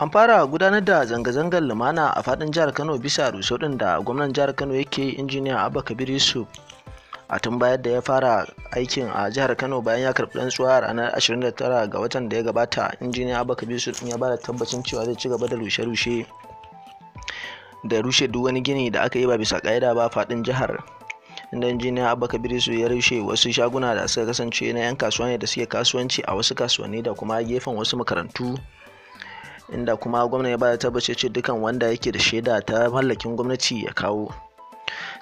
An fara gudanar da zanga-zangar lumana a faɗin jihar Kano bisa rushe ɗin da gwamnan jihar Kano yake injiniya Abba Kabir Yusuf a tun bayar da ya fara aikin a jihar Kano bayan ya karɓi rantsuwa ranar 29 ga watan da ya gabata injiniya Abba Kabir Yusuf ya bada tabbacin cewa zai ci gaba da rushe-rushe da rushe duk wani gini da aka yi ba bisa ka'ida ba faɗin jihar. inda injiniya abba kabir Yusuf ya rushe wasu shaguna da suka kasance na 'yan kasuwa ne da suke kasuwanci a wasu kasuwanni da kuma gefen wasu makarantu inda kuma gwamna ya bada tabbace ce dukan wanda yake da shaida ta mallakin gwamnati ya kawo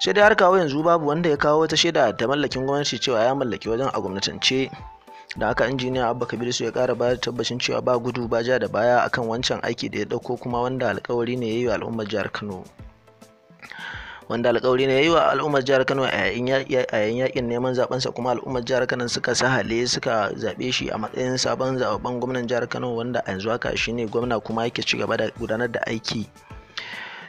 sai dai har kawo yanzu babu wanda ya kawo wata shaida ta mallakin gwamnati cewa ya mallaki wajen a gwamnatance da aka injiniya abba kabiru su ya kara ba tabbacin cewa ba gudu ba ja da baya akan wancan aiki da ya dauko kuma wanda alkawari ne ya yi wa al'ummar jihar kano wanda alkawari ne yayi wa al'ummar jihar Kano a yayin yakin neman zaben sa kuma al'ummar jihar Kano suka sahale suka zabe shi a matsayin sabon zaben gwamnan jihar Kano wanda a yanzu haka shine gwamna kuma yake ci gaba da gudanar da aiki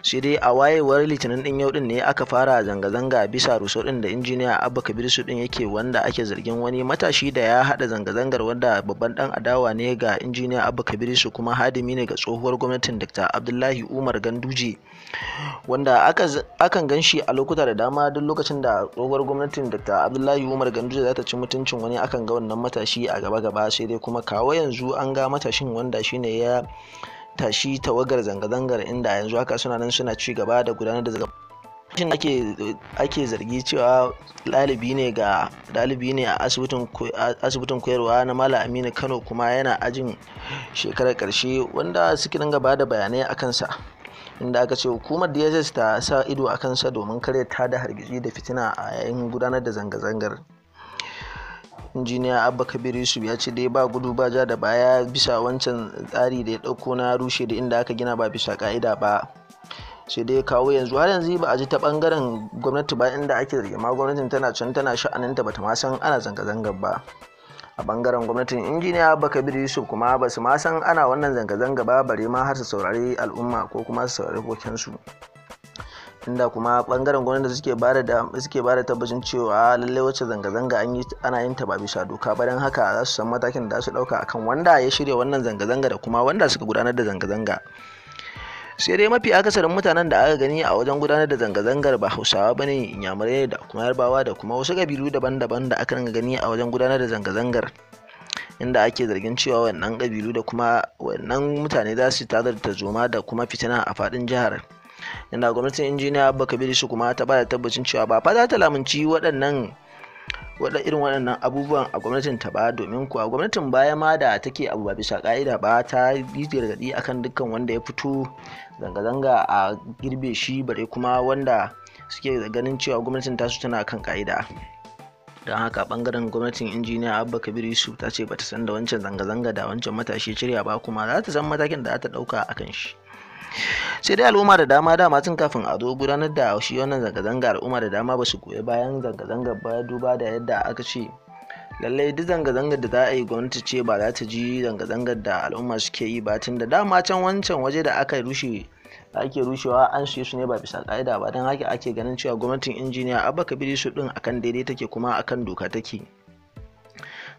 sai dai a wayewar litinin din yau din ne aka fara zanga-zanga bisa rusau din da injiniya abba kabir su din yake wanda ake zargin wani matashi da ya hada zanga-zangar wanda babban dan adawa ne ga injiniya abba kabir su kuma hadimi ne ga tsohuwar gwamnatin dr abdullahi umar ganduje wanda akan gan shi a lokuta da dama duk lokacin da tsohuwar gwamnatin dr abdullahi umar ganduje za ta ci mutuncin wani akan ga wannan matashi a gaba-gaba sai dai kuma kawo yanzu an ga matashin wanda shine ya tashi tawagar zanga-zangar inda yanzu haka suna nan suna ci gaba da gudanar da zanga shin ake ake zargi cewa ɗalibi ne ga ɗalibi ne a asibitin koyarwa na malam aminu kano kuma yana ajin shekarar ƙarshe wanda suke dinga bada da bayanai a kansa inda aka ce hukumar dss ta sa ido a kansa domin kare ta da hargitsi da fitina a yayin gudanar da zanga-zangar injiniya abba kabir yusuf ya ce dai ba gudu ba ja da baya bisa wancan tsari da ya dauko na rushe da inda aka gina ba bisa ka'ida ba sai dai kawo yanzu har yanzu ba a ji ta bangaren gwamnati ba inda ake zargi ma gwamnatin tana can tana sha'aninta bata ma san ana zanga-zangar ba a bangaren gwamnatin injiniya abba kabir yusuf kuma ba su ma san ana wannan zanga-zanga ba bare ma har su saurari al'umma ko kuma su saurari su inda kuma bangaren gwamnati suke bada da suke bada tabbacin cewa lallai wacce zanga-zanga an yi ana yin ta ba bisa doka ba don haka za su san matakin da su dauka akan wanda ya shirya wannan zanga-zanga da kuma wanda suka gudanar da zanga-zanga sai dai mafi akasarin mutanen da aka gani a wajen gudanar da zanga-zangar ba hausawa bane inyamurai da kuma yarbawa da kuma wasu kabilu daban-daban da aka gani a wajen gudanar da zanga-zangar inda ake zargin cewa wannan kabilu da kuma wannan mutane za su tazar zoma da kuma fitina a faɗin jihar inda gwamnatin injiniya abba kabiru su kuma ta bada tabbacin cewa ba fa za ta lamunci waɗannan waɗa irin waɗannan abubuwan a gwamnatin ta ba domin kuwa gwamnatin baya ma da take abu ba bisa ka'ida ba ta yi gargaɗi akan dukkan wanda ya fito zanga-zanga a girbe shi bare kuma wanda suke ganin cewa gwamnatin tasu tana kan ka'ida don haka bangaren gwamnatin injiniya abba kabir yusuf ta ce bata san da wancan zanga-zanga da wancan matashi shirya ba kuma za ta san matakin da za ta ɗauka akan shi sai dai al'umma da dama dama tun kafin a zo gudanar da shi wannan zanga-zanga al'umma da dama ba su goyi bayan zanga-zangar ba duba da yadda aka ce lallai duk zanga-zangar da za a yi gwamnati ce ba za ta ji zanga-zangar da al'umma suke yi ba tun da dama can wancan waje da aka rushe ake rushewa an siye su ne ba bisa ka'ida ba don haka ake ganin cewa gwamnatin injiniya abba kabiru su din akan daidai take kuma akan doka take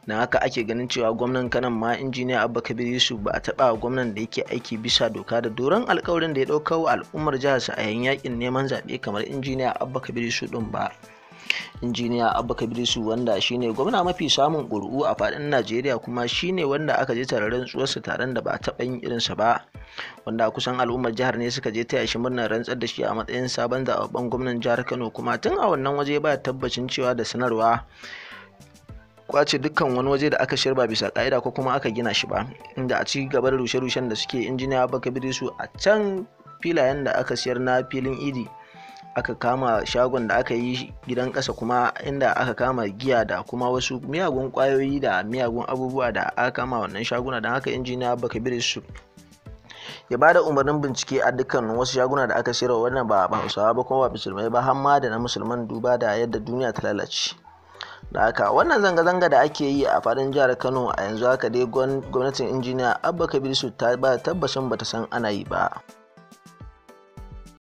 na haka ake ganin cewa gwamnan kanan ma injiniya abba kabir yusuf ba a taba gwamnan da yake aiki bisa doka da doron alkawarin da ya dauka wa al'ummar jiharsa a yayin yakin neman zaɓe kamar injiniya abba kabir yusuf ɗin ba injiniya abba kabir yusuf wanda shine gwamna mafi samun ƙuri'u a faɗin najeriya kuma shine wanda aka je tararren tsuwarsa taron da ba a taɓa yin irin irinsa ba wanda kusan al'ummar jihar ne suka je taya shi murnar rantsar da shi a matsayin sabon zababben gwamnan jihar kano kuma tun a wannan waje ba tabbacin cewa da sanarwa kwace dukkan wani waje da aka shirya ba bisa ka'ida ko kuma aka gina shi ba inda a ci gaba da rushe-rushen da suke injiniya bi su a can filayen da aka siyar na filin idi aka kama shagon da aka yi gidan kasa kuma inda aka kama giya da kuma wasu miyagun kwayoyi da miyagun abubuwa da aka kama wannan shaguna don haka injiniya bi su ya ba da umarnin bincike a dukkan wasu shaguna da aka sayarwa wannan ba hausawa ba kuma ba musulmai ba har ma da na musulman duba da yadda duniya ta lalace da haka wannan zanga-zanga da ake yi a faɗin jihar kano a yanzu haka dai gwamnatin injiniya abba kabir ta ba tabbacin bata san ana yi ba